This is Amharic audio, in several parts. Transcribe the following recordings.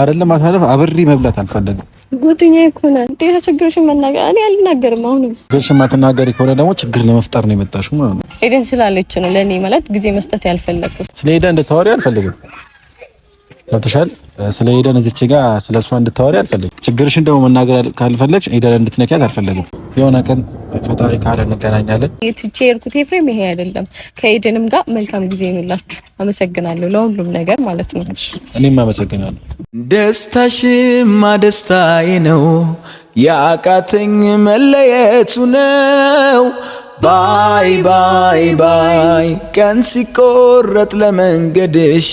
አይደለም ማሳለፍ አብሪ መብላት አልፈለግም። ጓደኛዬ እኮ ነው እንዴ? መናገር እኔ አልናገርም። አሁንም ችግርሽ ማትናገሪ ከሆነ ደግሞ ችግር ለመፍጠር ነው የመጣሽው ማለት ነው። ኤደን ስላለች ነው ለእኔ ማለት ጊዜ መስጠት ያልፈለግኩት። ስለ ሄዳ እንድታወሪ አልፈልግም ገብተሻል። ስለ ሄደን እዚች ጋር ስለ እሷ እንድታወሪ አልፈልግም። ችግርሽን ደግሞ መናገር ካልፈለግሽ ሄደን እንድትነኪያት አልፈለግም። የሆነ ቀን ፈጣሪ ካለ እንገናኛለን። የትቼ የሄድኩት ኤፍሬም ይሄ አይደለም። ከሄደንም ጋር መልካም ጊዜ ይኑላችሁ። አመሰግናለሁ ለሁሉም ነገር ማለት ነው። እኔም አመሰግናለሁ። ደስታሽማ ደስታዬ ነው፣ ያቃተኝ መለየቱ ነው ባይ ባይ ባይ ቀን ሲቆረጥ ለመንገድሽ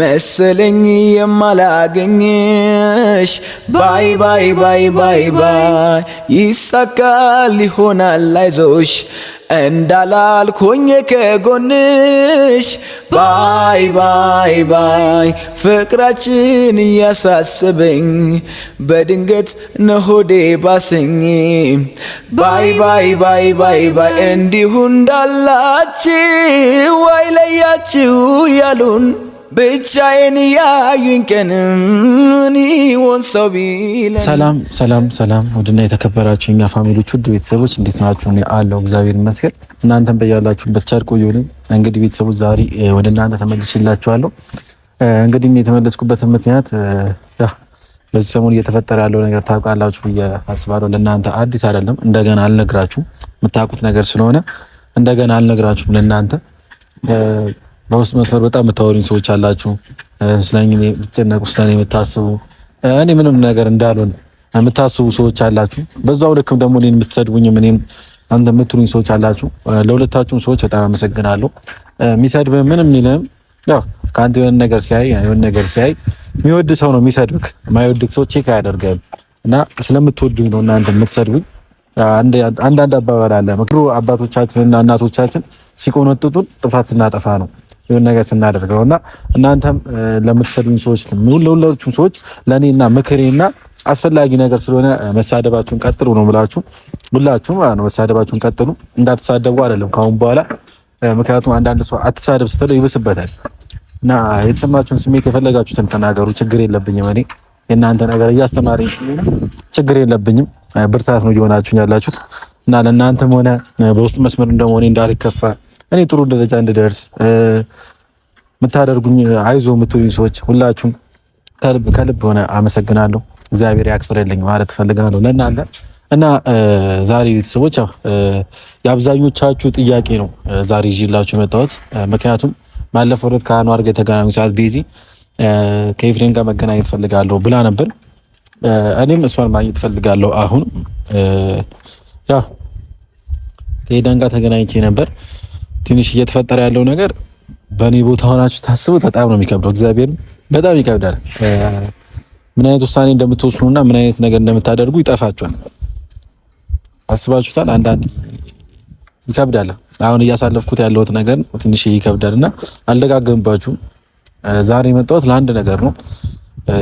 መሰለኝ የማላገኝሽ ባይ ባይ ባይ ባይ ባይ ይሳካል ይሆናል አይዞሽ እንዳላልኩኝ ከጎንሽ ባይ ባይ ባይ ፍቅራችን እያሳስበኝ በድንገት ነሆዴ ባሰኝ ባይ ባይ ባይ ባይ ባይ እንዲሁ እንዳላችሁ አይለያችሁ ያሉን ብቻዬን ያዩኝ ቢለ ሰላም ሰላም ሰላም። ውድና የተከበራችሁ የኛ ፋሚሊዎች ውድ ቤተሰቦች እንዴት ናችሁ? አለው አለሁ እግዚአብሔር ይመስገን። እናንተም በያላችሁበት ቸር ቆዩልኝ። እንግዲህ ቤተሰቦች ዛሬ ወደ እናንተ ተመልሼላችኋለሁ። እንግዲህ የተመለስኩበትን ምክንያት በዚህ ሰሞን እየተፈጠረ ያለው ነገር ታውቃላችሁ ብዬ አስባለሁ። ለእናንተ አዲስ አይደለም፣ እንደገና አልነግራችሁም። የምታውቁት ነገር ስለሆነ እንደገና አልነግራችሁም ለእናንተ በውስጥ መስመር በጣም የምታወሩኝ ሰዎች አላችሁ፣ ስለኔ የምትጨነቁ፣ ስለኔ የምታስቡ እኔ ምንም ነገር እንዳልሆን የምታስቡ ሰዎች አላችሁ። በዛው ልክም ደግሞ እኔን የምትሰድቡኝም እኔም አንተ የምትሉኝ ሰዎች አላችሁ። ለሁለታችሁም ሰዎች በጣም አመሰግናለሁ። የሚሰድብ ምንም የሚልም ያው ከአንተ የሆነ ነገር ሲያይ የሆነ ነገር ሲያይ የሚወድ ሰው ነው የሚሰድብክ። የማይወድህ ሰው ቼክ አያደርገም። እና ስለምትወዱኝ ነው እናንተ የምትሰድቡኝ። አንዳንድ አባባል አለ ምክሩ አባቶቻችንና እናቶቻችን ሲቆነጥጡን ጥፋት ስናጠፋ ነው የሆነ ነገር ስናደርገው እና እናንተም ለምትሰድቡኝ ሰዎች ለሁላችሁም ሰዎች ለኔና ምክሬና አስፈላጊ ነገር ስለሆነ መሳደባችሁን ቀጥሉ ነው ብላችሁ ሁላችሁም ማለት ነው መሳደባችሁን ቀጥሉ፣ እንዳትሳደቡ አይደለም ከአሁን በኋላ ምክንያቱም አንዳንድ ሰው አትሳደብ ስትለው ይብስበታል። እና የተሰማችሁን ስሜት የፈለጋችሁትን ተናገሩ፣ ችግር የለብኝም። እኔ የእናንተ ነገር እያስተማረኝ ስለሆነ ችግር የለብኝም። ብርታት ነው እየሆናችሁ ያላችሁት እና ለእናንተም ሆነ በውስጥ መስመር እንደመሆኔ እንዳልከፋ እኔ ጥሩ ደረጃ እንድደርስ የምታደርጉኝ አይዞ የምትሉኝ ሰዎች ሁላችሁም ከልብ ከልብ ሆነ አመሰግናለሁ። እግዚአብሔር ያክብርልኝ ማለት እፈልጋለሁ ለእናንተ እና ዛሬ ቤተሰቦች የአብዛኞቻችሁ ጥያቄ ነው ዛሬ ይዤላችሁ የመጣሁት። ምክንያቱም ባለፈው ዕለት ከአኗር ጋር የተገናኙ ሰዓት ቤዚ ከኤፍሬም ጋር መገናኘት ፈልጋለሁ ብላ ነበር። እኔም እሷን ማግኘት ፈልጋለሁ። አሁን ያ ከኤደን ጋር ተገናኝቼ ነበር። ትንሽ እየተፈጠረ ያለው ነገር በእኔ ቦታ ሆናችሁ ታስቡት፣ በጣም ነው የሚከብደው። እግዚአብሔር በጣም ይከብዳል። ምን አይነት ውሳኔ እንደምትወስኑና ምን አይነት ነገር እንደምታደርጉ ይጠፋችኋል። አስባችሁታል? አንዳንድ ይከብዳል። አሁን እያሳለፍኩት ያለሁት ነገር ትንሽ ይከብዳል እና አልደጋገምባችሁም። ዛሬ የመጣሁት ለአንድ ነገር ነው።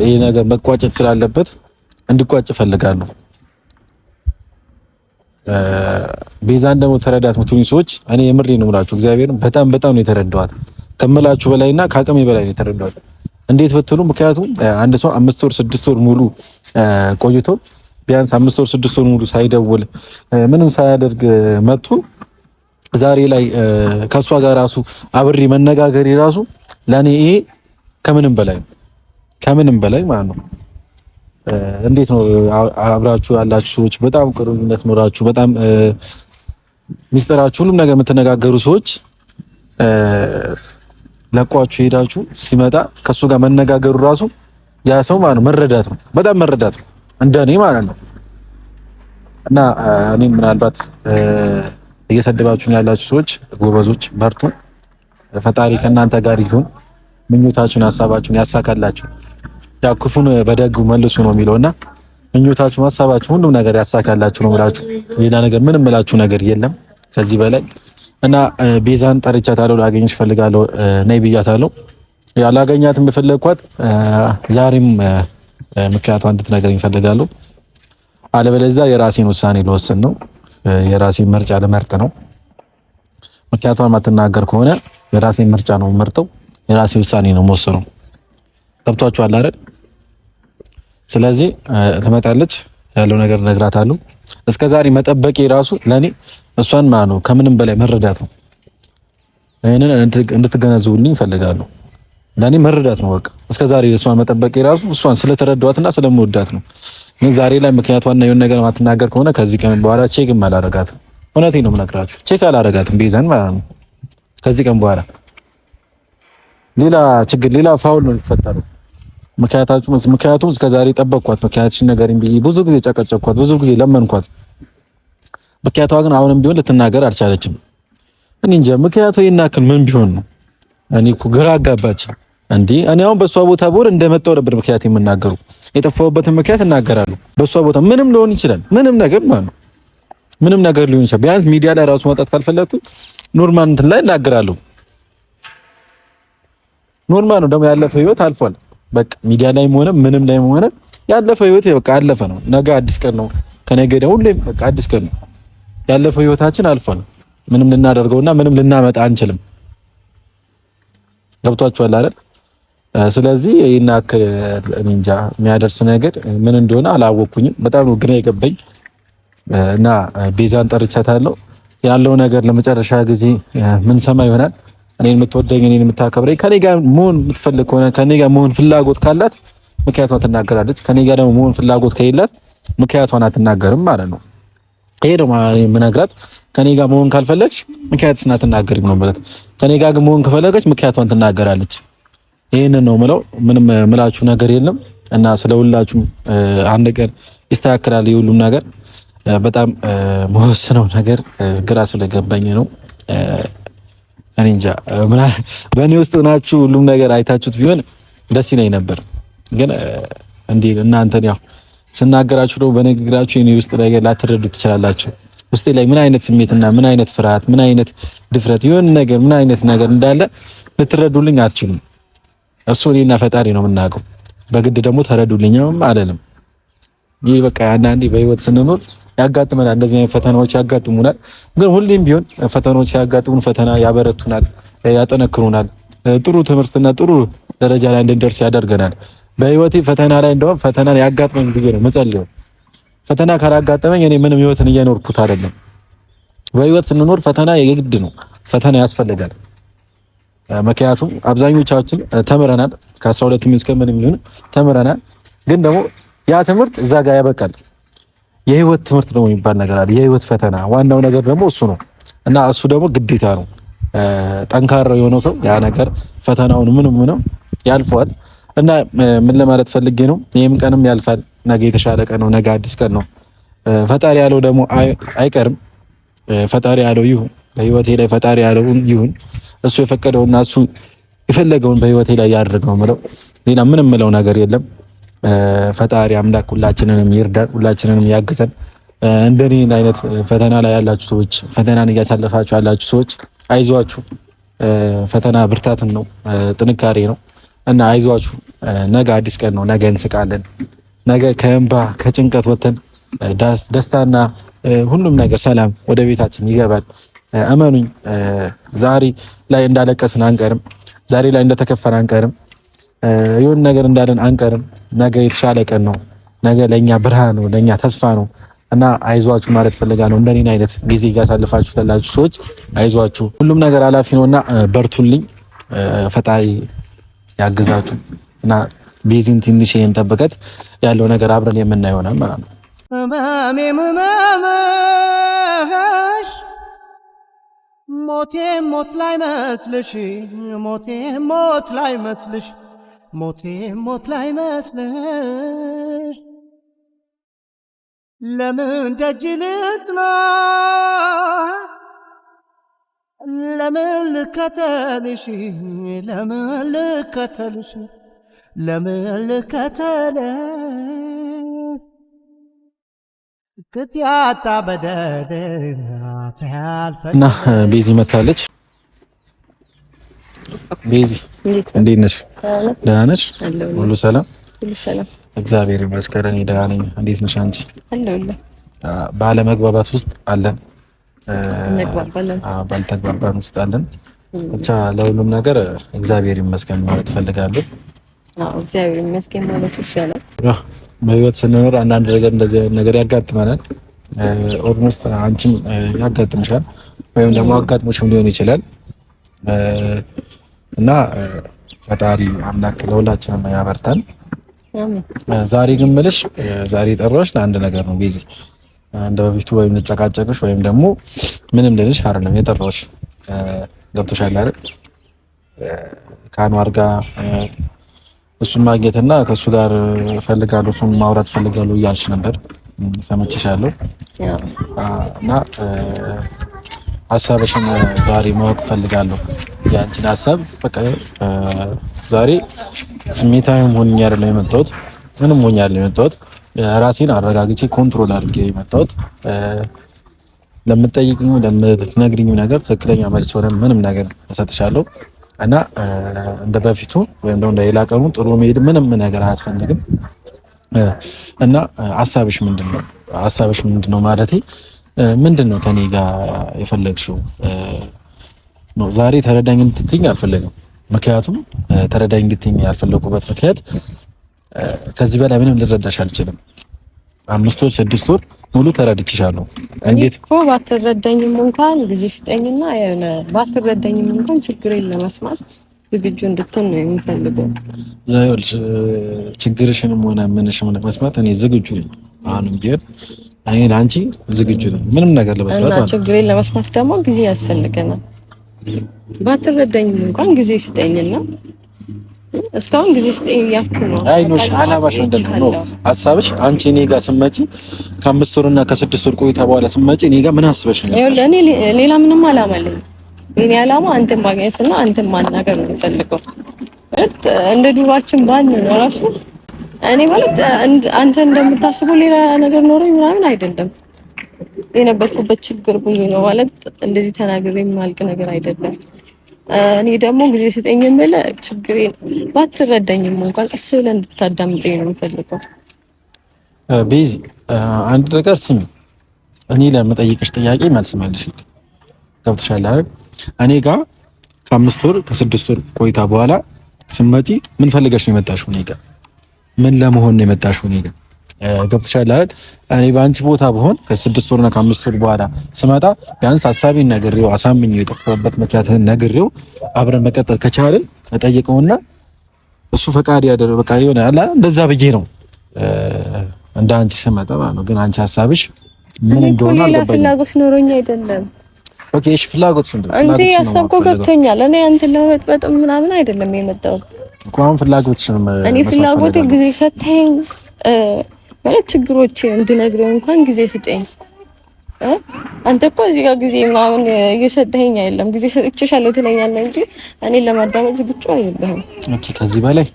ይህ ነገር መቋጨት ስላለበት እንዲቋጭ እፈልጋለሁ። ቤዛን ደግሞ ተረዳት ምትሉኝ ሰዎች እኔ የምሬ ነው የምላችሁ፣ እግዚአብሔርን በጣም በጣም ነው የተረዳዋት ከምላችሁ በላይና ከአቅሜ በላይ ነው የተረዳዋት። እንዴት ብትሉ ምክንያቱም አንድ ሰው አምስት ወር ስድስት ወር ሙሉ ቆይቶ ቢያንስ አምስት ወር ስድስት ወር ሙሉ ሳይደውል ምንም ሳያደርግ መጥቶ ዛሬ ላይ ከእሷ ጋር ራሱ አብሬ መነጋገሬ ራሱ ለእኔ ይሄ ከምንም በላይ ነው ከምንም በላይ ማለት ነው እንዴት ነው አብራችሁ ያላችሁ ሰዎች በጣም ቅርብነት ኖራችሁ በጣም ሚስጥራችሁ ሁሉም ነገር የምትነጋገሩ ሰዎች ለቋችሁ ሄዳችሁ ሲመጣ ከሱ ጋር መነጋገሩ ራሱ ያ ሰው ማለት ነው መረዳት ነው፣ በጣም መረዳት ነው እንደኔ ማለት ነው። እና እኔ ምናልባት እየሰደባችሁን ያላችሁ ሰዎች ጎበዞች፣ በርቱ፣ ፈጣሪ ከእናንተ ጋር ይሁን፣ ምኞታችሁን ሀሳባችሁን ያሳካላችሁ። ያው ክፉን በደጉ መልሱ ነው የሚለው እና ምኞታችሁ፣ ሀሳባችሁ፣ ሁሉም ነገር ያሳካላችሁ ነው የምላችሁ። ሌላ ነገር ምንም ምላችሁ ነገር የለም ከዚህ በላይ እና ቤዛን ጠርቻታለሁ። ላገኝሽ እፈልጋለሁ ነይ ብያታለሁ። ያው ላገኛትም የፈለግኳት ዛሬም ምክንያቱ እንድትነግረኝ እፈልጋለሁ። አለበለዚያ የራሴን ውሳኔ ልወስን ነው የራሴን ምርጫ ልመርጥ ነው። ምክንያቷን ማትናገር ከሆነ የራሴን ምርጫ ነው የምመርጠው፣ የራሴ ውሳኔ ነው የምወስነው። ገብቷችኋል አይደል? ስለዚህ ትመጣለች፣ ያለው ነገር እነግራታለሁ። እስከ ዛሬ መጠበቄ ራሱ ለኔ እሷን ማለት ነው ከምንም በላይ መረዳት ነው። ይሄንን እንድትገነዘቡልኝ እፈልጋለሁ። ለኔ መረዳት ነው በቃ። እስከ ዛሬ እሷን መጠበቄ ራሱ እሷን ስለተረዳኋትና ስለምወዳት ነው። ግን ዛሬ ላይ ምክንያት ዋና የሆነ ነገር ማትናገር ከሆነ ከዚህ ቀን በኋላ ቼክም አላረጋትም። እውነቴን ነው የምነግራችሁ፣ ቼክ አላረጋትም ቤዛን ማለት ነው። ከዚህ ቀን በኋላ ሌላ ችግር፣ ሌላ ፋውል ነው የሚፈጠረው። ምክንያታችሁ ምክንያቱም እስከዛሬ ጠበቅኳት። ምክንያትሽን ንገሪኝ ብዬ ብዙ ጊዜ ጨቀጨቅኳት፣ ብዙ ጊዜ ለመንኳት። ምክንያቷ ግን አሁንም ቢሆን ልትናገር አልቻለችም። እኔ እንጃ ምክንያቱ ይናክል ምን ቢሆን ነው? እኔ እኮ ግራ አጋባች እንዴ። እኔ አሁን በእሷ ቦታ ብሆን እንደመጣው ነበር ምክንያት የምናገሩ የጠፋሁበትን ምክንያት እናገራለሁ። በእሷ ቦታ ምንም ሊሆን ይችላል፣ ምንም ነገር ማለት ነው፣ ምንም ነገር ሊሆን ይችላል። ቢያንስ ሚዲያ ላይ ራሱ መውጣት ካልፈለግኩኝ ኖርማል እንትን ላይ እናገራለሁ። ኖርማል ነው ደግሞ ያለፈው ህይወት አልፏል። በቃ ሚዲያ ላይም ሆነ ምንም ላይም ሆነ ያለፈ ህይወት በቃ ያለፈ ነው። ነገ አዲስ ቀን ነው። ከነገ ወዲያ ሁሌም በቃ አዲስ ቀን ነው። ያለፈው ህይወታችን ነው። ምንም ልናደርገውና ምንም ልናመጣ አንችልም። ገብቷችኋል አይደል? ስለዚህ ይህን ያክል እኔ እንጃ የሚያደርስ ነገር ምን እንደሆነ አላወቅኩኝም። በጣም ነው ግራ የገባኝ እና ቤዛን ጠርቻታለሁ ያለው ነገር ለመጨረሻ ጊዜ ምን ሰማ ይሆናል እኔን የምትወደኝ እኔን የምታከብረኝ ከኔ ጋር መሆን የምትፈልግ ከሆነ ከኔ ጋር መሆን ፍላጎት ካላት ምክንያቷን ትናገራለች። ከኔ ጋር ደግሞ መሆን ፍላጎት ከሌላት ምክንያቷን አትናገርም ማለት ነው። ይሄ ደግሞ የምነግራት ከኔ ጋር መሆን ካልፈለግሽ ምክንያትሽን አትናገሪም ነው ማለት። ከኔ ጋር መሆን ከፈለገች ምክንያቷን ትናገራለች። ይህንን ነው ምለው። ምንም ምላችሁ ነገር የለም እና ስለ ሁላችሁም አንድ ቀን ይስተካከላል የሁሉም ነገር። በጣም መወስነው ነገር ግራ ስለገባኝ ነው። እኔ እንጃ በእኔ ውስጥ ናችሁ ሁሉም ነገር አይታችሁት ቢሆን ደስ ይለኝ ነበር። ግን እንዴ እናንተን ያው ስናገራችሁ ነው በንግግራችሁ የኔ ውስጥ ነገር ላትረዱ ትችላላችሁ። ውስጤ ላይ ምን አይነት ስሜትና ምን አይነት ፍርሃት፣ ምን አይነት ድፍረት የሆነ ነገር ምን አይነት ነገር እንዳለ ልትረዱልኝ አትችሉም። እሱ እኔና ፈጣሪ ነው የምናውቀው። በግድ ደግሞ ተረዱልኝም አለንም። ይህ በቃ አንዳንዴ በህይወት ስንኖር ያጋጥመናል። እንደዚህ አይነት ፈተናዎች ያጋጥሙናል። ግን ሁሌም ቢሆን ፈተናዎች ሲያጋጥሙን ፈተና ያበረቱናል፣ ያጠነክሩናል፣ ጥሩ ትምህርትና ጥሩ ደረጃ ላይ እንድንደርስ ያደርገናል። በህይወቴ ፈተና ላይ እንደውም ፈተናን ያጋጥመኝ ብዬ ነው መጸልየው። ፈተና ካላጋጠመኝ እኔ ምንም ህይወትን እየኖርኩት አይደለም። በህይወት ስንኖር ፈተና የግድ ነው፣ ፈተና ያስፈልጋል። ምክንያቱም አብዛኞቻችን ተምረናል ከአስራ ሁለት እስከ ምንም ተምረናል። ግን ደግሞ ያ ትምህርት እዛ ጋር ያበቃል። የህይወት ትምህርት ነው የሚባል ነገር አለ። የህይወት ፈተና ዋናው ነገር ደግሞ እሱ ነው እና እሱ ደግሞ ግዴታ ነው። ጠንካራ የሆነው ሰው ያ ነገር ፈተናውን ምንም ምንም ያልፈዋል። እና ምን ለማለት ፈልጌ ነው፣ ይህም ቀንም ያልፋል። ነገ የተሻለ ቀን ነው። ነገ አዲስ ቀን ነው። ፈጣሪ ያለው ደግሞ አይቀርም። ፈጣሪ ያለው ይሁን። በህይወቴ ላይ ፈጣሪ ያለውን ይሁን። እሱ የፈቀደውና እሱ የፈለገውን በህይወቴ ላይ ያደርግ ነው ምለው። ሌላ ምንም ምለው ነገር የለም። ፈጣሪ አምላክ ሁላችንንም ይርዳን፣ ሁላችንንም ያግዘን። እንደኔ አይነት ፈተና ላይ ያላችሁ ሰዎች፣ ፈተናን እያሳለፋችሁ ያላችሁ ሰዎች አይዟችሁ። ፈተና ብርታትን ነው፣ ጥንካሬ ነው እና አይዟችሁ። ነገ አዲስ ቀን ነው። ነገ እንስቃለን። ነገ ከእንባ ከጭንቀት ወተን ደስታና ሁሉም ነገር ሰላም ወደ ቤታችን ይገባል። እመኑኝ፣ ዛሬ ላይ እንዳለቀስን አንቀርም። ዛሬ ላይ እንደተከፈን አንቀርም። የሆነ ነገር እንዳለን አንቀርም። ነገ የተሻለ ቀን ነው። ነገ ለእኛ ብርሃን ነው፣ ለእኛ ተስፋ ነው እና አይዟችሁ ማለት ፈልጋ ነው። እንደኔን አይነት ጊዜ እያሳልፋችሁ ተላችሁ ሰዎች አይዟችሁ። ሁሉም ነገር አላፊ ነው እና በርቱልኝ። ፈጣሪ ያግዛችሁ እና ቤዚን ትንሽ ይህን ጠብቀት ያለው ነገር አብረን የምናየው ይሆናል ማለት ነው። ሞቴ ሞት ላይ መስልሽ ሞቴ ሞት ላይ መስልሽ ሞቴ ሞት ላይ መስለሽ ለምን ደጅ ልጥና ለምን ልከተልሽ ለምን ልከተልሽ ለምን ልከተልሽ ክትያታ በደደና እና ቤዚ መታለች። ቤዚ እንዴት ነሽ? ደህና ነሽ? ሁሉ ሰላም? እግዚአብሔር ይመስገን እኔ ደህና ነኝ። እንዴት ነሽ አንቺ? ባለመግባባት ውስጥ አለን፣ ባልተግባባን ውስጥ አለን። ብቻ ለሁሉም ነገር እግዚአብሔር ይመስገን ማለት እፈልጋለሁ። እግዚአብሔር ይመስገን ማለት ይሻላል። በህይወት ስንኖር አንዳንድ ነገር እንደዚህ ነገር ያጋጥመናል። ኦልሞስት አንቺም ያጋጥምሻል ወይም ደግሞ አጋጥሞሽም ሊሆን ይችላል። እና ፈጣሪ አምላክ ለሁላችንም ያበርታን። ዛሬ ግን ምልሽ ዛሬ ጠራሽ ለአንድ ነገር ነው ቤዛ። እንደ በፊቱ ወይም ልጨቃጨቅሽ ወይም ደግሞ ምንም ልልሽ አይደለም የጠራሽ። ገብቶሻል አይደል? ከአንዋር ጋር እሱን ማግኘትና ከእሱ ጋር ፈልጋለሁ እሱን ማውራት ፈልጋለሁ እያልሽ ነበር፣ ሰምቼሻለሁ እና ሀሳብሽን ዛሬ ማወቅ ፈልጋለሁ የአንቺን ሀሳብ በቃ ዛሬ ስሜታዊ ሆኜ አይደለም የመጣሁት፣ ምንም ሆኜ አይደለም የመጣሁት። ራሴን አረጋግቼ ኮንትሮል አድርጌ የመጣሁት ለምትጠይቅኝ ለምትነግርኝ ነገር ትክክለኛ መልስ ሆነ ምንም ነገር እሰጥሻለሁ እና እንደ በፊቱ ወይም ደግሞ እንደ ሌላ ቀኑ ጥሩ መሄድ ምንም ነገር አያስፈልግም። እና ሀሳብሽ ምንድን ነው? ሀሳብሽ ምንድን ነው ማለቴ ምንድን ነው ከኔ ጋር የፈለግሽው ነው። ዛሬ ተረዳኝ እንድትኝ አልፈለግም። ምክንያቱም ተረዳኝ እንድትኝ ያልፈለጉበት ምክንያት ከዚህ በላይ ምንም ልረዳሽ አልችልም። አምስት ወር ስድስት ወር ሙሉ ተረድችሻለሁ። እንዴት እኮ ባትረዳኝም እንኳን ጊዜ ስጠኝና ባትረዳኝም እንኳን ችግር ለመስማት ዝግጁ እንድትሆን ነው የምፈልገው። ዛዮል ችግርሽንም ሆነ ምንሽ ሆነ መስማት እኔ ዝግጁ ነኝ። አሁንም ቢሆን እኔ ለአንቺ ዝግጁ ነኝ፣ ምንም ነገር ለመስማት እና ችግሬን ለመስማት ደግሞ ጊዜ ያስፈልገናል። ባትረዳኝም እንኳን ጊዜ ስጠኝና እስካሁን ጊዜ ስጠኝ እያልኩ ነው። አይ ኖሽ አላማሽ ምንድን ነው ሀሳብሽ? አንቺ እኔ ጋር ስትመጪ ከአምስት ወርና ከስድስት ወር ቆይታ በኋላ ስትመጪ እኔ ጋር ምን አስበሽ ነው? እኔ ሌላ ምንም አላማ አለኝ። የኔ አላማ አንተን ማግኘትና አንተን ማናገር ነው የምፈልገው። እንደ ዱሯችን ባን ነው ራሱ እኔ ማለት አንተ እንደምታስበው ሌላ ነገር ኖሮኝ ምናምን አይደለም። የነበርኩበት ችግር ብዙ ነው ማለት እንደዚህ ተናግሬ የማልቅ ነገር አይደለም። እኔ ደግሞ ጊዜ ስጠኝ የምለ ችግሬን ባትረዳኝም እንኳን ቀስ ብለን እንድታዳምጠኝ ነው የምፈልገው። ቤዚ አንድ ነገር ስሚ፣ እኔ ለመጠይቅሽ ጥያቄ መልስ መልስ ገብቶሻል አይደል? እኔ ጋር ከአምስት ወር ከስድስት ወር ቆይታ በኋላ ስመጪ ምን ፈልገሽ ነው የመጣሽው? እኔ ጋር ምን ለመሆን ነው የመጣሽው? እኔ ጋር ገብተሻል አይደል? እኔ በአንቺ ቦታ ብሆን ከስድስት ወርና ከአምስት ወር በኋላ ስመጣ ቢያንስ ሀሳቤን ነግሬው አሳምኜው የጠፋሁበት ምክንያትህን ነግሬው አብረን መቀጠል ከቻልን እጠይቀውና እሱ ፈቃድ ያደረ በቃ ይሆነ እንደዛ ብዬ ነው እንደ አንቺ ስመጣ ማለት ነው። ግን አንቺ ሀሳብሽ ምን እንደሆነ አልገባኝም። ፍላጎት ኖሮኝ አይደለም። ኦኬ እሺ፣ ፍላጎት እንደ ያሰብኩ ገብቶኛል። እኔ አንተን ለመጥበጥ ምናምን አይደለም የመጣሁት እኮ አሁን ፍላጎትሽን እኔ ፍላጎት ጊዜ ሰተኝ ማለት ችግሮች እንድነግረው እንኳን ጊዜ ስጠኝ። አንተ እኮ እዚህ ጋር ጊዜ ምናምን እየሰጠኸኝ አይደለም፣ ጊዜ ሰጥቼሻለሁ ትለኛለህ እንጂ እኔን ለማዳመጥ ዝግጁ አይደለም። ኦኬ፣ ከዚህ በላይ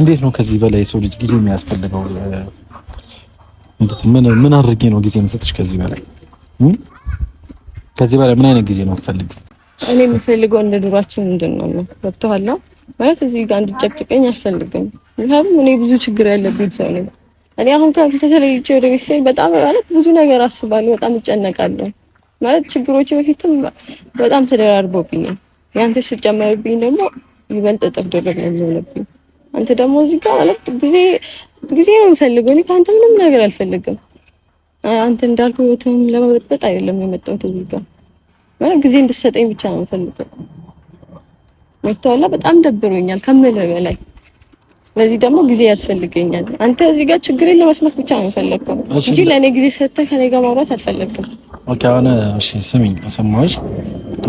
እንዴት ነው ከዚህ በላይ የሰው ልጅ ጊዜ የሚያስፈልገው? እንዴት? ምን ምን አድርጌ ነው ጊዜ የምሰጥሽ? ከዚህ በላይ ከዚህ በላይ ምን አይነት ጊዜ ነው የምፈልግ? እኔ የምፈልገው እንደ ድሯችን እንድንሆን ነው። ገብቶሃል? ማለት እዚህ ጋር እንድጨቅጭቀኝ አልፈልግም። ምክንያቱም እኔ ብዙ ችግር ያለብኝ ሰው ነኝ። እኔ አሁን ከአንተ ተለይቼ ወደ ቤት ስሄድ በጣም ማለት ብዙ ነገር አስባለሁ፣ በጣም እጨነቃለሁ። ማለት ችግሮች በፊትም በጣም ተደራርቦብኛል። ያንተ ስትጨመርብኝ ደግሞ ይበልጥ እጥፍ ድርብ ነው የሚሆንብኝ። አንተ ደግሞ እዚህ ጋር ማለት ጊዜ ጊዜ ነው የምፈልገው። እኔ ከአንተ ምንም ነገር አልፈልግም። አንተ እንዳልኩ ህይወትም ለመበጥበጥ አይደለም የመጣሁት እዚህ ጋር ማለት ጊዜ እንድትሰጠኝ ብቻ ነው የምፈልገው። መጥተዋላ በጣም ደብሮኛል ከምልህ በላይ ለዚህ ደግሞ ጊዜ ያስፈልገኛል። አንተ እዚህ ጋር ችግሬን ለመስማት ብቻ ነው የፈለግከው እንጂ ለእኔ ጊዜ ሰጥተህ ከኔ ጋር ማውራት አልፈለግም። ኦኬ አሁን እሺ፣ ስሚኝ፣ ሰማሁሽ።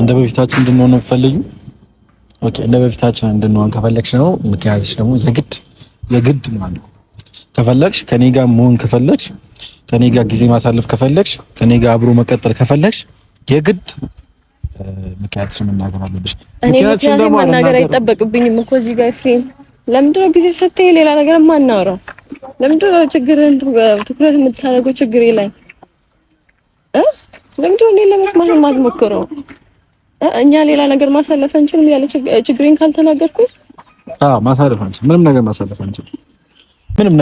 እንደ በፊታችን እንድንሆን ነው የምትፈልጊው? ኦኬ፣ እንደ በፊታችን እንድንሆን ከፈለግሽ ነው ምክንያትሽ ደግሞ የግድ የግድ ማለት ነው። ከፈለግሽ ከኔ ጋር መሆን ከፈለግሽ፣ ከኔ ጋር ጊዜ ማሳለፍ ከፈለግሽ፣ ከኔ ጋር አብሮ መቀጠል ከፈለግሽ የግድ ምክንያትሽ መናገር አለብሽ። እኔ ምክንያት መናገር አይጠበቅብኝም እኮ እዚህ ጋር ፍሬም ለምንድነው ጊዜ ሰጥተህ ሌላ ነገር ማናወራው? ለምንድነው ችግርህን ትኩረት የምታደርገው ችግሬ ላይ እ ለምንድነው እኔን ለመስማት የማትሞክረው? እኛ ሌላ ነገር ማሳለፍ አንችልም ያለ ችግሬን ካልተናገርኩኝ አዎ ማሳለፍ አንችልም። ምንም ነገር ማሳለፍ አንችልም። ምንም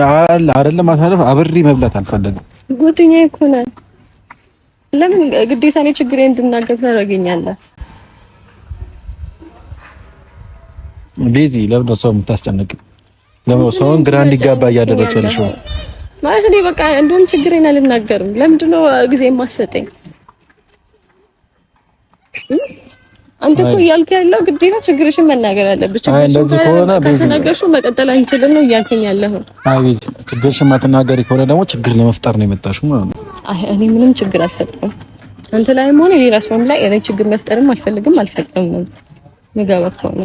አይደለም ማሳለፍ አብሬ መብላት አልፈለግም። ጓደኛዬ እኮ ነህ። ለምን ግዴታ እኔ ችግሬን እንድናገር ታደርገኛለህ? ቤዚ ለምን ሰው የምታስጨንቅ? ለምን ሰውን ግራ እንዲጋባ እያደረግሽ ያለሽ? ማለት እኔ በቃ እንደውም ችግሬን አልናገርም። ለምንድን ነው ጊዜ የማሰጠኝ? አንተ እኮ እያልክ ያለው ግዴታ ችግርሽን መናገር አለብሽ። አይ እንደዚህ ከሆነ ቤዚ ነገርሽ መቀጠል አንችልም ነው እያልከኝ ያለው? አይ ቤዚ ችግርሽን ማትናገሪ ከሆነ ደግሞ ችግር ለመፍጠር ነው የመጣሽው ማለት ነው። አይ እኔ ምንም ችግር አልፈጥርም። አንተ ላይም ሆነ ሌላ ሰውም ላይ እኔ ችግር መፍጠርም አልፈልግም አልፈጥርም ነው ንገባ ከሆነ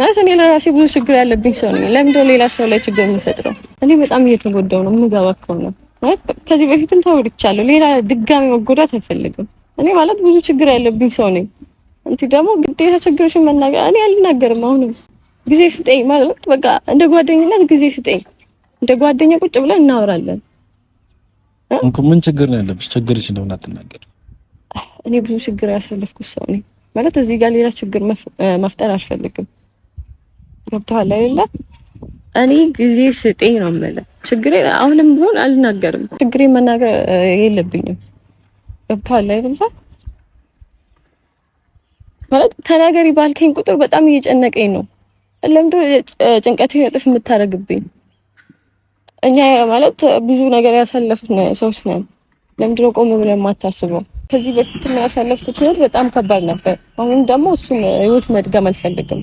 ማለት እኔ ለራሴ ብዙ ችግር ያለብኝ ሰው ነኝ። ለምንድነው ሌላ ሰው ላይ ችግር የምፈጥረው? እኔ በጣም እየተጎዳው ነው የምገባከው ነው ከዚህ በፊትም ተወድቻለሁ። ሌላ ድጋሚ መጎዳት አይፈልግም። እኔ ማለት ብዙ ችግር ያለብኝ ሰው ነኝ። እንቲ ደግሞ ግዴታ ችግርሽን መናገር እኔ አልናገርም። አሁንም ጊዜ ስጠኝ ማለት በቃ እንደ ጓደኝነት ጊዜ ስጠኝ። እንደ ጓደኛ ቁጭ ብለን እናወራለን። ምን ችግር ነው ያለብሽ? ችግርሽ እንደሆነ አትናገር። እኔ ብዙ ችግር ያሳለፍኩት ሰው ነኝ ማለት እዚህ ጋር ሌላ ችግር መፍጠር አልፈልግም። ገብተዋል አይደለ? እኔ ጊዜ ስጤ ነው የምልህ። ችግሬ አሁንም ቢሆን አልናገርም። ችግሬ መናገር የለብኝም። ገብተዋል አይደለ? ማለት ተናገሪ ባልከኝ ቁጥር በጣም እየጨነቀኝ ነው። ለምዶ ጭንቀቴን እጥፍ የምታደርግብኝ እኛ ማለት ብዙ ነገር ያሳለፍን ሰዎች ነን። ለምንድነው ቆም ብለን የማታስበው? ከዚህ በፊት ያሳለፍኩት ህይወት በጣም ከባድ ነበር። አሁንም ደግሞ እሱን ህይወት መድገም አልፈልግም።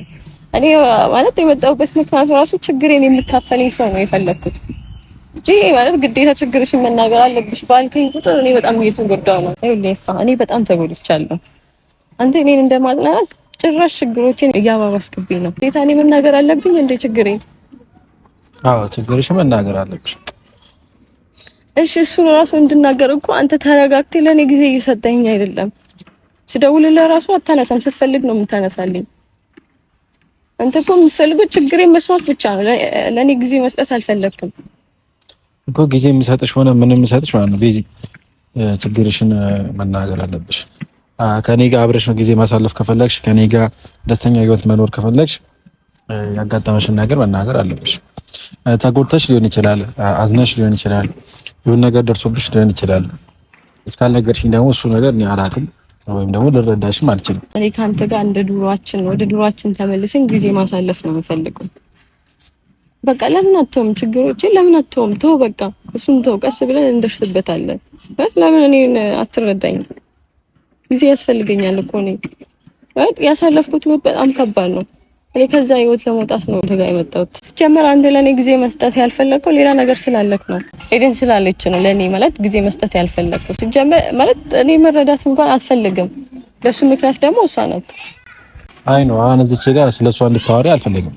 እኔ ማለት የመጣሁበት ምክንያት ራሱ ችግሬን የሚካፈለኝ ሰው ነው የፈለኩት እንጂ ማለት ግዴታ ችግርሽን መናገር አለብሽ ባልከኝ ቁጥር እኔ በጣም እየተጎዳ ነው። ይኸውልህ እኔ በጣም ተጎድቻለሁ። አንተ እኔን እንደማጽናናት ጭራሽ ችግሮችን እያባባስክብኝ ነው። ግዴታ እኔ መናገር አለብኝ እንደ ችግሬን? አዎ ችግርሽን መናገር አለብሽ። እሺ እሱን ራሱ እንድናገር እኮ አንተ ተረጋግቴ ለእኔ ጊዜ እየሰጠኝ አይደለም። ስደውልልህ ራሱ አታነሳም። ስትፈልግ ነው የምታነሳልኝ። አንተ እኮ የምትፈልገው ችግሬ መስማት ብቻ ነው። ለእኔ ጊዜ መስጠት አልፈለግክም እኮ። ጊዜ የሚሰጥሽ ሆነ ምንም የሚሰጥሽ ማለት ነው። ቤዚ ችግርሽን መናገር አለብሽ። ከኔ ጋር አብረሽ ጊዜ ማሳለፍ ከፈለግሽ፣ ከኔ ጋር ደስተኛ ህይወት መኖር ከፈለግሽ ያጋጠመሽን ነገር መናገር አለብሽ። ተጎድተሽ ሊሆን ይችላል፣ አዝነሽ ሊሆን ይችላል፣ ይሁን ነገር ደርሶብሽ ሊሆን ይችላል። እስካልነገርሽኝ ደግሞ እሱ ነገር እኔ አላውቅም። ወይም ደግሞ ልረዳሽም አልችልም። እኔ ከአንተ ጋር እንደ ድሯችን ወደ ድሯችን ተመልሰን ጊዜ ማሳለፍ ነው የምፈልገው። በቃ ለምን አትተውም? ችግሮችን ለምን አትተውም? ተው በቃ እሱን ተው፣ ቀስ ብለን እንደርስበታለን። ለምን እኔን አትረዳኝ? ጊዜ ያስፈልገኛል እኮ እኔ ያሳለፍኩት በጣም ከባድ ነው። እኔ ከዛ ህይወት ለመውጣት ነው ተጋ የመጣሁት። ሲጀመር አንተ ለእኔ ጊዜ መስጠት ያልፈለግከው ሌላ ነገር ስላለክ ነው። ኤደን ስላለች ነው ለእኔ ማለት ጊዜ መስጠት ያልፈለግከው። ሲጀመር ማለት እኔ መረዳት እንኳን አትፈልግም። ለእሱ ምክንያት ደግሞ እሷ ናት። አይ ነው አሁን እዚች ጋር ስለ እሷ እንድታወሪ አልፈልግም።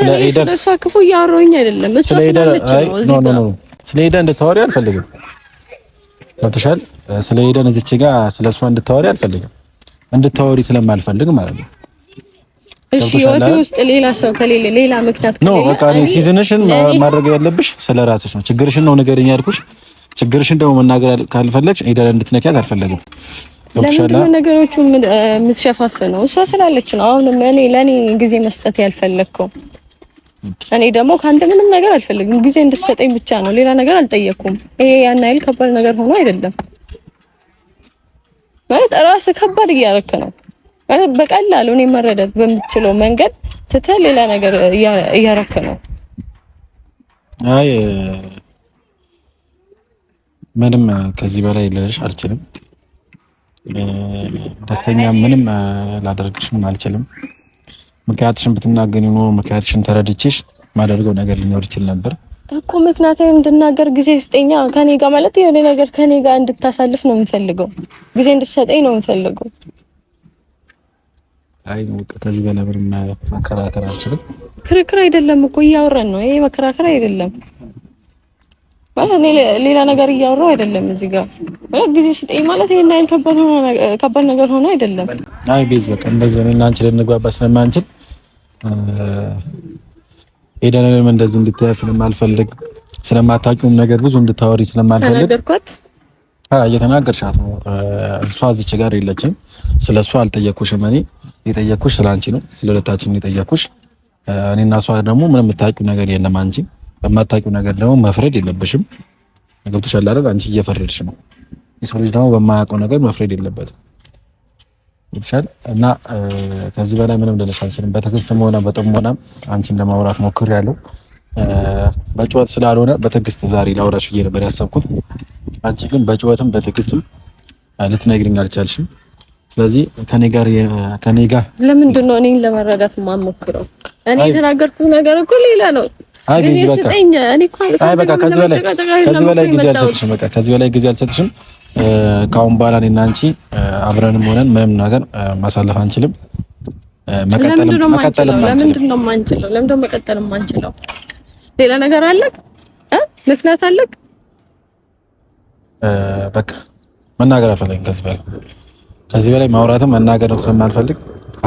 ስለ ኤደን እሷ ክፉ እያወራሁኝ አይደለም። እሷ ስላለች ነው እዚህ ጋር ስለ ኤደን እንድታወሪ አልፈልግም። ገብቶሻል? ስለ ኤደን እዚች ጋር ስለ እሷ እንድታወሪ አልፈልግም። እንድታወሪ ስለማልፈልግ ማለት ነው እሺ ህይወቴ ውስጥ ሌላ ሰው ከሌለ ሌላ ምክንያት ከሌለ ነው በቃ እኔ ሲዝንሽን ማድረግ ያለብሽ ስለ ራስሽ ነው። ችግርሽን ነው ንገሪኝ ያልኩሽ። ችግርሽን ደግሞ መናገር ካልፈለግሽ እኔ ደግሞ እንድትነኪያት አልፈለግም። ለምንድነው ነገሮቹ የምትሸፋፍነው? እሷ ስላለች ነው። አሁንም እኔ ለእኔ ጊዜ መስጠት ያልፈለግከው። እኔ ደግሞ ከአንተ ምንም ነገር አልፈልግም። ጊዜ እንድትሰጠኝ ብቻ ነው። ሌላ ነገር አልጠየኩም። ይሄ ያን ያህል ከባድ ነገር ሆኖ አይደለም ማለት ራስህ ከባድ እያደረክ ነው በቀላሉ እኔ መረዳት በምችለው መንገድ ትተህ ሌላ ነገር እያረክ ነው። አይ ምንም ከዚህ በላይ ልልሽ አልችልም። ደስተኛ ምንም ላደርግሽም አልችልም። ምክንያትሽን ብትናገሪ ኖሮ ምክንያትሽን ተረድችሽ ማደርገው ነገር ሊኖር ይችል ነበር እኮ ምክንያቱም እንድናገር ጊዜ ስጠኛ። ከኔ ጋር ማለት የሆነ ነገር ከኔ ጋር እንድታሳልፍ ነው የምፈልገው። ጊዜ እንድትሰጠኝ ነው የምፈልገው። አይ ከዚህ በላይ ምንም መከራከር አልችልም። ክርክር አይደለም እኮ እያወራን ነው። ይሄ መከራከር አይደለም ማለት ሌላ ነገር እያወራው አይደለም። እዚህ ጋር ማለት ጊዜ ስጠኝ ማለት ይሄን ያህል ከባድ ነገር ሆኖ አይደለም። አይ ቤዝ በቃ እንደዚህ ነው። እናንቺ ልንግባባ ስለማንችል ሄደንም እንደዚህ እንድትያዝ ስለማልፈልግ ስለማታውቂውም ነገር ብዙ እንድታወሪ ስለማልፈልግ ተናገርኳት። እየተናገርሻት ነው። እሷ እዚች ጋር የለችም። ስለሷ አልጠየኩሽም እኔ የጠየቅኩሽ ስለ አንቺ ነው። ስለ ሁለታችን የጠየቅኩሽ እኔና እሷ ደግሞ ምንም የምታውቂው ነገር የለም። አንቺ በማታውቂው ነገር ደግሞ መፍረድ የለብሽም። ገብቶሻል አይደል? አንቺ እየፈረድሽ ነው። የሰው ልጅ ደግሞ በማያውቀው ነገር መፍረድ የለበትም። ገብቶሻል? እና ከዚህ በላይ ምንም ልልሽ አልችልም። በትዕግስትም ሆነ በጥሞና አንቺን ለማውራት ሞክሬያለሁ። በጩኸት ስላልሆነ በትዕግስት ዛሬ ላውራሽ ብዬ ነበር ያሰብኩት። አንቺ ግን በጩኸትም በትዕግስትም ልትነግሪኝ አልቻልሽም። ስለዚህ ከኔ ጋር ከኔ ጋር ለምንድን ነው እኔን ለመረዳት የማሞክረው? እኔ የተናገርኩት ነገር እኮ ሌላ ነው። አይ ጊዜ በቃ አይ በቃ ከዚህ በላይ ከዚህ በላይ ጊዜ አልሰጥሽም። በቃ ከዚህ በላይ ጊዜ አልሰጥሽም። ከአሁን በኋላ እኔና አንቺ አብረንም ሆነን ምንም ነገር ማሳለፍ አንችልም። መቀጠልም መቀጠልም ለምንድን ነው የማንችለው? ለምንድን ነው መቀጠልም የማንችለው? ሌላ ነገር አለክ እ ምክንያት አለክ? በቃ መናገር አልፈለግም ከዚህ በላይ ከዚህ በላይ ማውራትም መናገር ስለማልፈልግ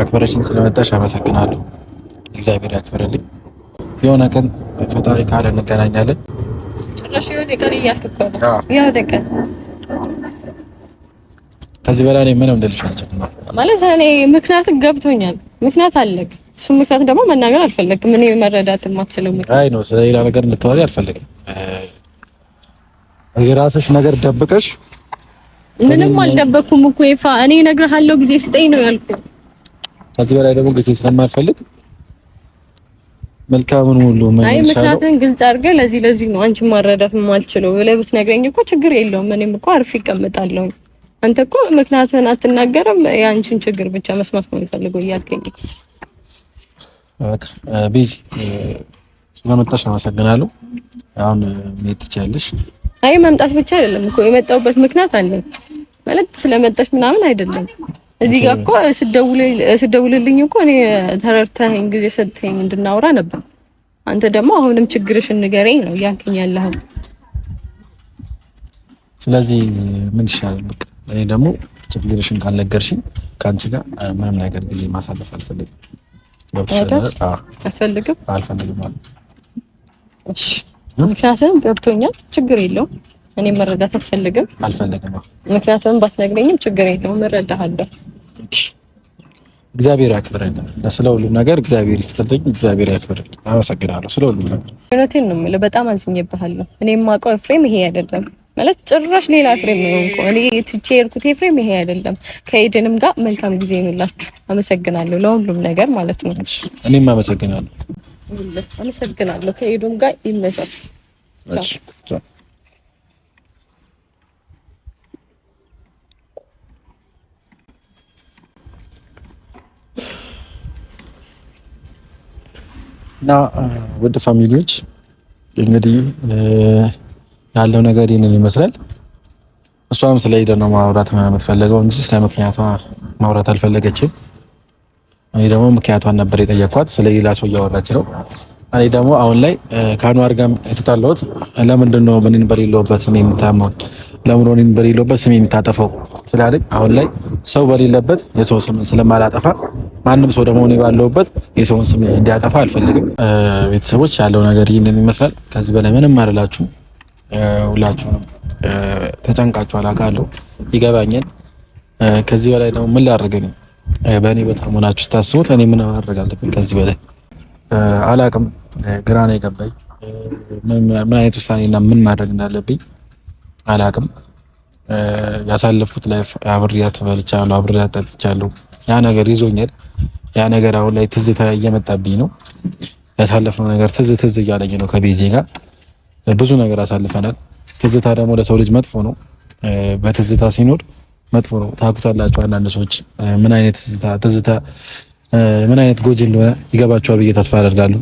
አክብረሽኝ ስለመጣሽ አመሰግናለሁ። እግዚአብሔር ያክብርልኝ። የሆነ ቀን ፈጣሪ ካለ እንገናኛለን። ጭራሽ የሆነ ቀን እያልክ ነው። የሆነ ከዚህ በላይ እኔ ምንም ልልሽ አልችልም። ማለት እኔ ምክንያት ገብቶኛል። ምክንያት አለግ እሱ ምክንያት ደግሞ መናገር አልፈለግም። ምን መረዳት የማትችለው ምክንያት አይ ነው። ስለሌላ ነገር እንድታወሪ አልፈለግም። የራስሽ ነገር ደብቀሽ ምንም አልደበኩም እኮ ይፋ፣ እኔ እነግርሃለሁ ጊዜ ስጠኝ ነው ያልኩት። ከዚህ በላይ ደግሞ ጊዜ ስለማልፈልግ መልካሙን ሁሉ ምን አይ፣ ምክንያቱም ግልጽ አድርገህ ለዚህ ለዚህ ነው አንቺ ማረዳት የማልችለው ብለህ ብትነግረኝ እኮ ችግር የለውም። እኔም እኮ አርፍ እቀመጣለሁ። አንተ እኮ ምክንያትህን አትናገርም። የአንቺን ችግር ብቻ መስማት ነው የሚፈልገው እያልከኝ ቤዚ ስለመጣሽ አመሰግናለሁ። አሁን መሄድ ትችያለሽ። አይ መምጣት ብቻ አይደለም እኮ የመጣሁበት ምክንያት አለ። ማለት ስለመጣሽ ምናምን አይደለም። እዚህ ጋር እኮ ስደውልልኝ እኮ እኔ ተረድተኸኝ ጊዜ ሰጥተኸኝ እንድናወራ ነበር። አንተ ደግሞ አሁንም ችግርሽን ንገረኝ ነው እያልከኝ ያለህ። ስለዚህ ምን ይሻላል? በቃ እኔ ደግሞ ችግርሽን ካልነገርሽኝ ከአንቺ ጋር ምንም ነገር ጊዜ ማሳለፍ አልፈልግም። ገብቶሻል? አልፈልግም አልፈልግም። እሺ ምክንያቱም ገብቶኛል። ችግር የለውም። እኔ መረዳት አትፈልግም አልፈልግም። ምክንያቱም ባትነግረኝም ችግር የለውም እረዳሃለሁ። እግዚአብሔር ያክብርልን። ስለ ሁሉም ነገር እግዚአብሔር ይስጥልኝ። እግዚአብሔር ያክብርልን። አመሰግናለሁ ስለ ሁሉም ነገር። እውነቴን ነው የምልህ፣ በጣም አዝኜብሃለሁ። እኔ የማውቀው ፍሬም ይሄ አይደለም ማለት ጭራሽ ሌላ ፍሬም ነው የሆንከው። እኔ ትቼ የሄድኩት ፍሬም ይሄ አይደለም። ከኤደንም ጋር መልካም ጊዜ ይሁንላችሁ። አመሰግናለሁ ለሁሉም ነገር ማለት ነው። እኔም አመሰግናለሁ። አመሰግናለሁ። ከኤዶም ጋር ይመቻችሁ። እና ውድ ፋሚሊዎች እንግዲህ ያለው ነገር ይህንን ይመስላል። እሷም ስለ ሄደ ነው ማውራት የምትፈለገው እንጂ ስለ ምክንያቷ ማውራት አልፈለገችም። እኔ ደግሞ ምክንያቷን ነበር የጠየኳት። ስለ ሌላ ሰው እያወራች ነው። እኔ ደግሞ አሁን ላይ ከአንዋር ጋር የተጣላሁት ለምንድን ነው እኔን በሌለሁበት ስሜ የምታመው? ለምን እኔን በሌለሁበት ስሜ የምታጠፈው ስላለኝ አሁን ላይ ሰው በሌለበት የሰው ስም ስለማላጠፋ ማንም ሰው ደግሞ እኔ ባለሁበት የሰውን ስም እንዲያጠፋ አልፈልግም። ቤተሰቦች ያለው ነገር ይህንን ይመስላል። ከዚህ በላይ ምንም አልላችሁ። ሁላችሁንም ተጨንቃችኋል አውቃለሁ፣ ይገባኛል። ከዚህ በላይ ደግሞ ምን ላደርግ ነው? በእኔ በጣም ሆናችሁ ስታስቡት እኔ ምን ማድረግ አለብኝ ከዚህ በላይ አላቅም። ግራ ነው የገባኝ። ምን አይነት ውሳኔና ምን ማድረግ እንዳለብኝ አላቅም። ያሳለፍኩት ላይፍ አብሬያት በልቻለሁ፣ አብሬያት ጠጥቻለሁ። ያ ነገር ይዞኛል። ያ ነገር አሁን ላይ ትዝታ እየመጣብኝ ነው። ያሳለፍነው ነገር ትዝ ትዝ እያለኝ ነው። ከቤዜ ጋር ብዙ ነገር አሳልፈናል። ትዝታ ደግሞ ለሰው ልጅ መጥፎ ነው። በትዝታ ሲኖር መጥፎ ነው። ታውቁታላችሁ። አንዳንድ ሰዎች ምን አይነት ትዝታ ምን አይነት ጎጂ እንደሆነ ይገባችኋል ብዬ ተስፋ አደርጋለሁ።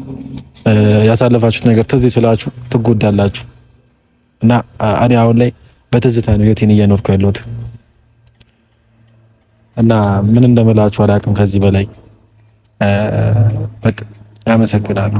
ያሳለፋችሁት ነገር ትዝ ስላችሁ ትጎዳላችሁ እና እኔ አሁን ላይ በትዝታ ነው ህይወቴን እየኖርኩ ያለሁት እና ምን እንደምላችሁ አላውቅም ከዚህ በላይ በቃ። ያመሰግናሉ።